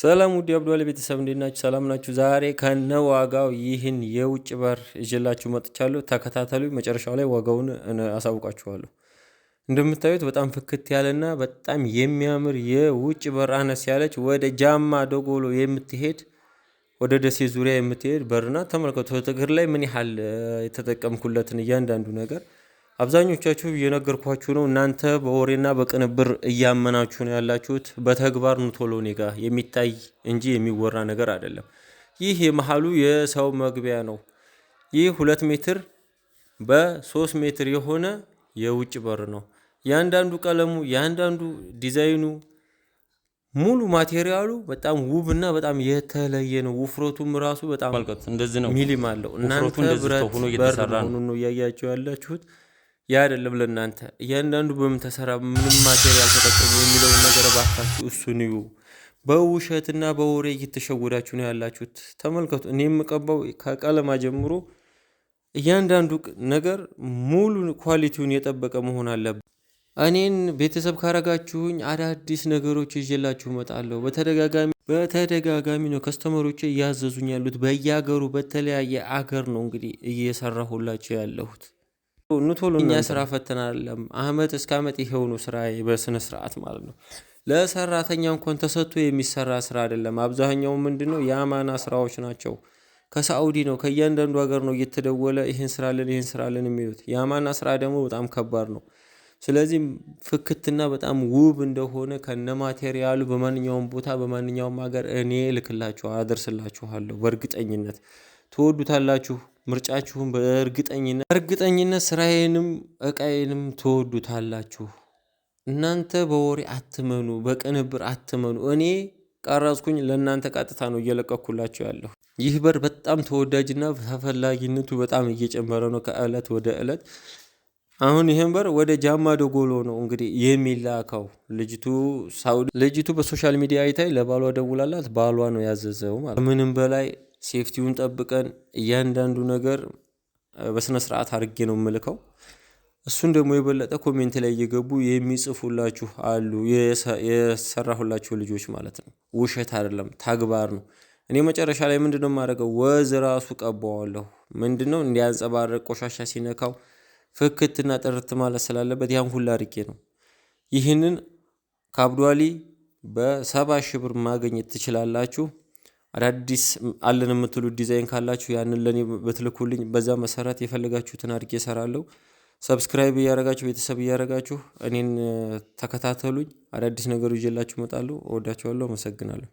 ሰላም ውድ አብዶላ ቤተሰብ እንዴት ናችሁ? ሰላም ናችሁ? ዛሬ ከነዋጋው ይህን የውጭ በር እጅላችሁ መጥቻለሁ። ተከታተሉ። መጨረሻው ላይ ዋጋውን አሳውቃችኋለሁ። እንደምታዩት በጣም ፍክት ያለና በጣም የሚያምር የውጭ በር አነስ ያለች ወደ ጃማ ደጎሎ የምትሄድ ወደ ደሴ ዙሪያ የምትሄድ በርና ተመልከቱ። እግር ላይ ምን ያህል የተጠቀምኩለትን እያንዳንዱ ነገር አብዛኞቻችሁ እየነገርኳችሁ ነው። እናንተ በወሬና በቅንብር እያመናችሁ ነው ያላችሁት። በተግባር ኑቶሎኔ ጋር የሚታይ እንጂ የሚወራ ነገር አይደለም። ይህ የመሀሉ የሰው መግቢያ ነው። ይህ ሁለት ሜትር በሶስት ሜትር የሆነ የውጭ በር ነው። ያንዳንዱ ቀለሙ፣ ያንዳንዱ ዲዛይኑ፣ ሙሉ ማቴሪያሉ በጣም ውብና በጣም የተለየ ነው። ውፍረቱም ራሱ በጣም እንደዚህ ነው፣ ሚሊም አለው። እናንተ ብረት በር መሆኑን ነው እያያቸው ያላችሁት። ያ አይደለም ለእናንተ እያንዳንዱ በምን ተሰራ፣ ምንም ማቴሪያል ተጠቀሙ የሚለውን ነገር ባካችሁ እሱን እዩ። በውሸትና በወሬ እየተሸወዳችሁ ነው ያላችሁት። ተመልከቱ፣ እኔ የምቀባው ከቀለማ ጀምሮ እያንዳንዱ ነገር ሙሉ ኳሊቲውን የጠበቀ መሆን አለበት። እኔን ቤተሰብ ካረጋችሁኝ አዳዲስ ነገሮች ይዤላችሁ እመጣለሁ። በተደጋጋሚ በተደጋጋሚ ነው ከስተመሮች እያዘዙኝ ያሉት። በየአገሩ በተለያየ አገር ነው እንግዲህ እየሰራሁላቸው ያለሁት። ቶሎ እኛ ስራ ፈተና አይደለም። አመት እስከ አመት ይሄው ነው ስራ በስነ ስርዓት ማለት ነው። ለሰራተኛ እንኳን ተሰጥቶ የሚሰራ ስራ አይደለም። አብዛኛው ምንድነው የአማና ስራዎች ናቸው። ከሳዑዲ ነው ከእያንዳንዱ ሀገር ነው እየተደወለ ይህን ስራልን ይህን ስራለን የሚሉት። የአማና ስራ ደግሞ በጣም ከባድ ነው። ስለዚህ ፍክትና በጣም ውብ እንደሆነ ከነ ማቴሪያሉ በማንኛውም ቦታ በማንኛውም ሀገር እኔ ልክላችሁ አደርስላችኋለሁ በእርግጠኝነት ትወዱታላችሁ። ምርጫችሁን በእርግጠኝነት እርግጠኝነት ስራዬንም እቃዬንም ትወዱታላችሁ። እናንተ በወሬ አትመኑ በቅንብር አትመኑ እኔ ቀረጽኩኝ ለእናንተ ቀጥታ ነው እየለቀኩላችሁ ያለሁ። ይህ በር በጣም ተወዳጅና ተፈላጊነቱ በጣም እየጨመረ ነው ከእለት ወደ እለት። አሁን ይህን በር ወደ ጃማ ደጎሎ ነው እንግዲህ የሚላከው። ልጅቱ ሳውዲ ልጅቱ በሶሻል ሚዲያ አይታይ ለባሏ ደውላላት ባሏ ነው ያዘዘው ማለት ምንም በላይ ሴፍቲውን ጠብቀን እያንዳንዱ ነገር በስነ ስርዓት አድርጌ ነው የምልከው። እሱን ደግሞ የበለጠ ኮሜንት ላይ እየገቡ የሚጽፉላችሁ አሉ የሰራሁላችሁ ልጆች ማለት ነው። ውሸት አይደለም ተግባር ነው። እኔ መጨረሻ ላይ ምንድነው የማደርገው? ወዝ ራሱ ቀባዋለሁ። ምንድነው እንዲያንጸባረቅ ቆሻሻ ሲነካው ፍክትና ጥርት ማለት ስላለበት ያን ሁላ አድርጌ ነው። ይህንን ከአብዱ አሊ በሰባ ሺህ ብር ማግኘት ትችላላችሁ። አዳዲስ አለን የምትሉ ዲዛይን ካላችሁ ያንን ለኔ ብትልኩልኝ በዛ መሰረት የፈለጋችሁትን አድርጌ እሰራለሁ። ሰብስክራይብ እያደረጋችሁ ቤተሰብ እያደረጋችሁ እኔን ተከታተሉኝ። አዳዲስ ነገሮች ይዤላችሁ እመጣለሁ። እወዳችኋለሁ። አመሰግናለሁ